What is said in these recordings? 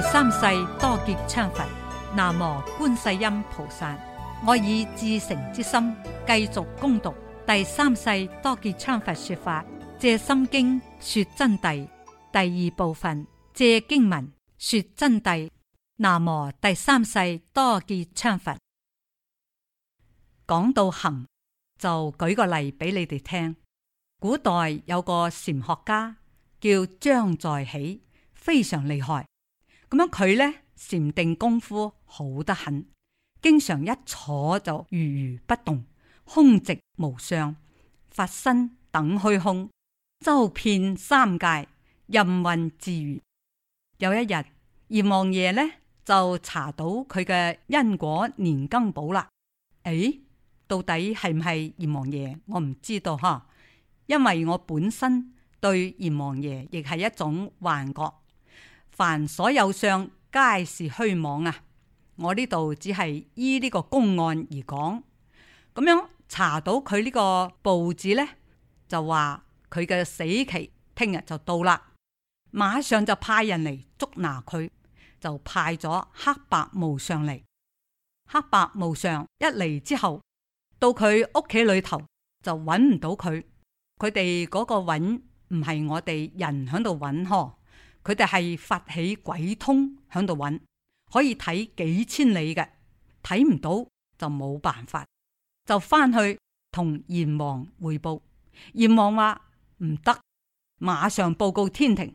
第三世多杰羌佛，南無觀世音菩薩。我以至誠之心繼續攻讀第三世多杰羌佛說法，借心經說真諦第二部分，借經文說真諦。南無第三世多杰羌佛。講到行，就舉個例俾你哋聽。古代有個禪學家叫張在喜，非常厲害。咁樣佢呢禪定功夫好得很，經常一坐就如如不動，空寂無相，法身等虛空，周遍三界，任運自如。有一日，閻王爺呢就查到佢嘅因果年庚簿啦。誒、哎，到底係唔係閻王爺？我唔知道吓，因為我本身對閻王爺亦係一種幻覺。凡所有相，皆是虛妄啊！我呢度只係依呢個公案而講，咁樣查到佢呢個報紙呢，就話佢嘅死期聽日就到啦，馬上就派人嚟捉拿佢，就派咗黑白無常嚟。黑白無常一嚟之後，到佢屋企裏頭就揾唔到佢，佢哋嗰個揾，唔係我哋人響度揾。呵。佢哋係發起鬼通喺度揾，可以睇幾千里嘅，睇唔到就冇辦法，就返去同閻王匯報。閻王話唔得，馬上報告天庭，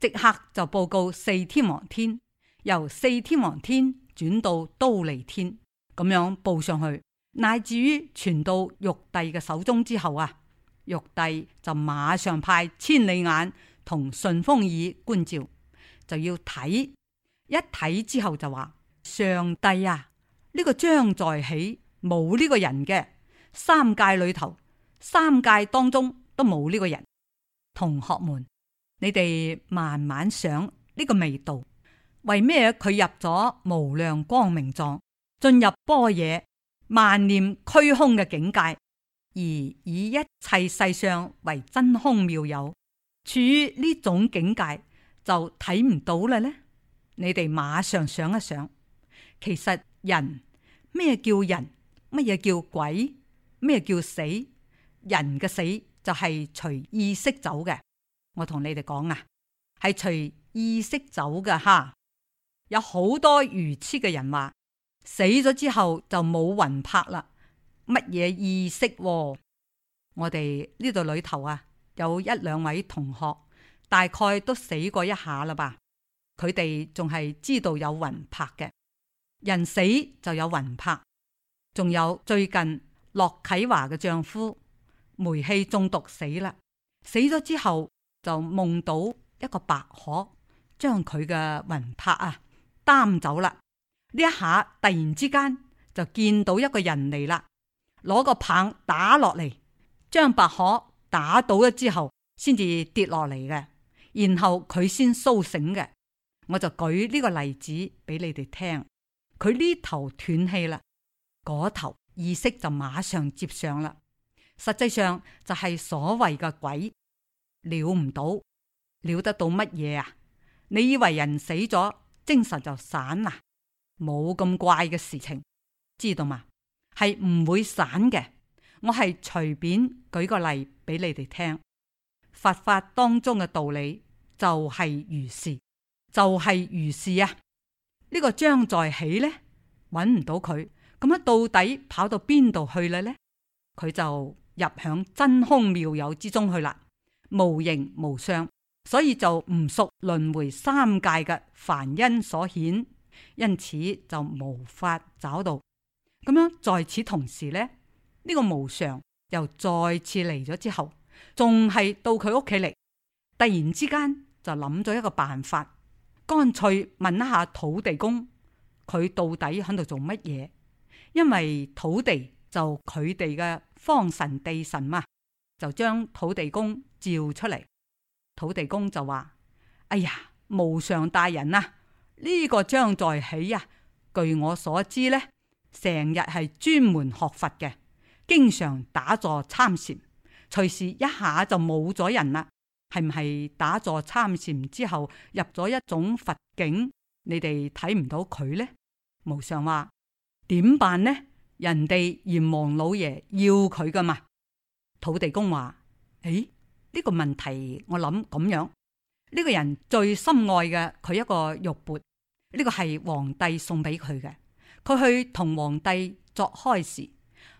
即刻就報告四天王天，由四天王天轉到忉利天，咁樣報上去，乃至於傳到玉帝嘅手中之後啊，玉帝就馬上派千里眼。同順風耳觀照，就要睇一睇之後就話：上帝啊，呢、這個張在起冇呢個人嘅，三界裏頭，三界當中都冇呢個人。同學們，你哋慢慢想呢個味道，為咩佢入咗無量光明狀，進入般若萬念俱空嘅境界，而以一切世上為真空妙有。處於呢種境界就睇唔到啦，呢，你哋馬上想一想，其實人，咩叫人，乜嘢叫鬼，咩叫死？人嘅死就係隨意識走嘅，我同你哋講啊，係隨意識走嘅哈。有好多愚痴嘅人話死咗之後就冇魂魄啦，乜嘢意識，啊？我哋呢度裏頭啊，有一兩位同學，大概都死過一下啦吧。佢哋仲係知道有魂魄嘅，人死就有魂魄。仲有最近，洛啟華嘅丈夫煤氣中毒死啦。死咗之後就夢到一個白鶴將佢嘅魂魄啊擔走啦。呢一下突然之間就見到一個人嚟啦，攞個棒打落嚟，將白鶴。打倒咗之後，先至跌落嚟嘅，然後佢先蘇醒嘅。我就舉呢個例子俾你哋聽，佢呢頭斷氣啦，嗰頭意識就馬上接上啦。實際上就係所謂嘅鬼了唔到，了得到乜嘢啊？你以為人死咗精神就散啦，啊？冇咁怪嘅事情，知道嗎？係唔會散嘅。我係隨便舉個例俾你哋聽，佛法，法當中嘅道理就係如是，就係、是、如是啊！呢、這個將在喜呢，揾唔到佢，咁樣到底跑到邊度去啦？呢？佢就入響真空妙有之中去啦，無形無相，所以就唔屬輪迴三界嘅凡因所顯，因此就無法找到。咁樣在此同時呢。呢個無常又再次嚟咗之後，仲係到佢屋企嚟，突然之間就諗咗一個辦法，乾脆問一下土地公，佢到底喺度做乜嘢？因為土地就佢哋嘅方神地神嘛、啊，就將土地公召出嚟。土地公就話：哎呀，無常大人啊，呢、這個張在喜啊，據我所知呢，成日係專門學佛嘅。經常打坐參禪，隨時一下就冇咗人啦。係唔係打坐參禪之後入咗一種佛境，你哋睇唔到佢呢？無常話，點辦呢？人哋閻王老爺要佢噶嘛？土地公話：誒、哎，呢、這個問題我諗咁樣，呢、這個人最心愛嘅佢一個玉鉢，呢、這個係皇帝送俾佢嘅，佢去同皇帝作開示。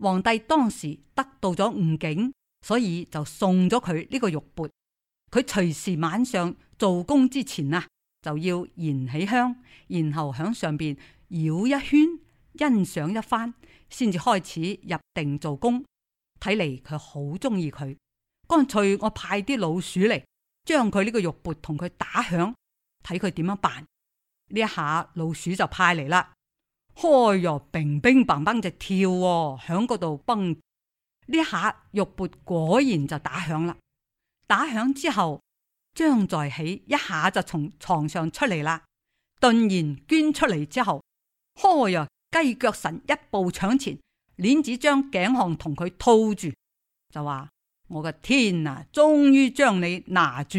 皇帝當時得到咗悟境，所以就送咗佢呢個玉缽。佢隨時晚上做工之前啊，就要燃起香，然後響上邊繞一圈，欣賞一番，先至開始入定做工。睇嚟，佢好中意佢，乾脆我派啲老鼠嚟將佢呢個玉缽同佢打響，睇佢點樣辦。呢一下老鼠就派嚟啦。開呀，乒乒乓乓就跳哦，喺嗰度蹦。呢下玉缽果然就打響啦。打響之後，張在喜一下就從床上出嚟啦。頓然捐出嚟之後，開呀，雞腳神一步搶前，鏈子將頸項同佢套住，就話：我嘅天啊，終於將你拿住。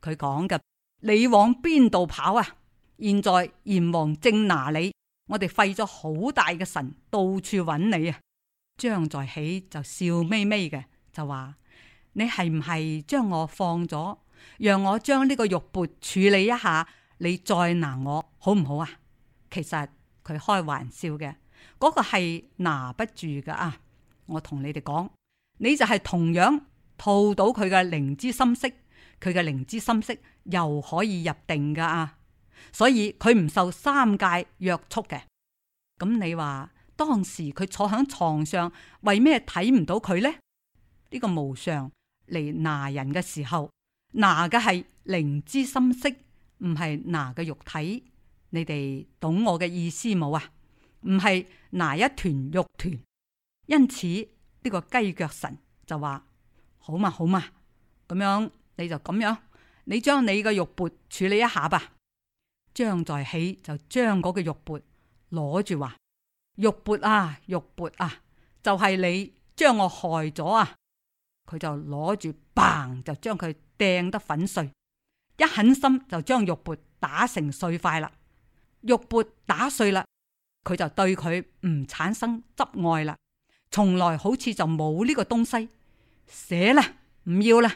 佢講嘅，你往邊度跑啊？現在閻王正拿你。我哋費咗好大嘅神，到處揾你啊！張在喜就笑眯眯嘅，就話：你係唔係將我放咗，讓我將呢個玉缽處理一下，你再拿我好唔好啊？其實佢開玩笑嘅，嗰個係拿不住噶啊！我同你哋講，你就係同樣套到佢嘅靈知心識，佢嘅靈知心識又可以入定噶啊！所以佢唔受三界約束嘅，咁你話當時佢坐喺床上，為咩睇唔到佢呢？呢個無常嚟拿人嘅時候，拿嘅係靈知心識，唔係拿嘅肉體。你哋懂我嘅意思冇啊？唔係拿一團肉團，因此呢個雞腳神就話：好嘛好嘛，咁樣你就咁樣，你將你嘅肉缽處理一下吧。將在起就將嗰個玉缽攞住話，玉缽啊，玉缽啊，就係、是、你將我害咗啊！佢就攞住嘭就將佢掟得粉碎，一狠心就將玉缽打成碎塊啦。玉缽打碎啦，佢就對佢唔產生執愛啦，從來好似就冇呢個東西，捨啦，唔要啦。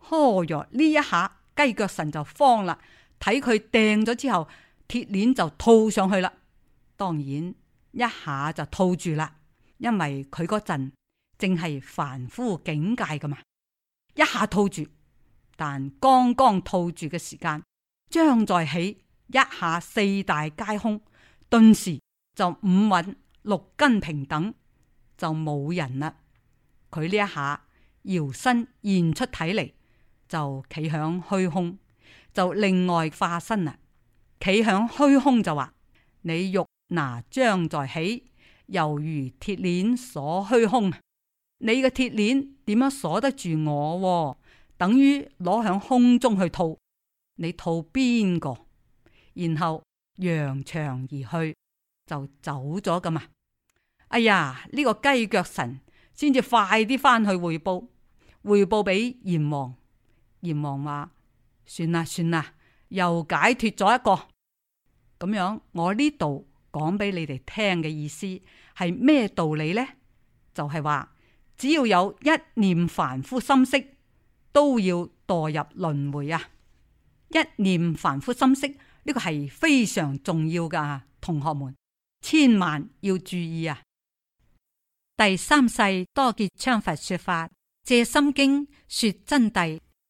呵、哦、喲，呢一下雞腳神就慌啦。喺佢掟咗之後，鐵鏈就套上去啦。當然一下就套住啦，因為佢嗰陣正係凡夫境界噶嘛，一下套住。但剛剛套住嘅時間，將再起一下，四大皆空，頓時就五蘊六根平等，就冇人啦。佢呢一下搖身現出體嚟，就企響虛空。就另外化身啦，企響虛空就話：你玉拿將在起，猶如鐵鏈鎖虛空。你嘅鐵鏈點樣鎖得住我、哦？等於攞響空中去套，你套邊個？然後揚長而去，就走咗咁啊！哎呀，呢、這個雞腳神先至快啲翻去匯報，匯報俾閻王。閻王話。算啦算啦，又解脫咗一個。咁樣我呢度講俾你哋聽嘅意思係咩道理呢？就係、是、話只要有一念凡夫心識，都要墮入輪回啊！一念凡夫心識呢個係非常重要噶、啊，同學們千萬要注意啊！第三世多杰羌佛說法，借心經說真諦。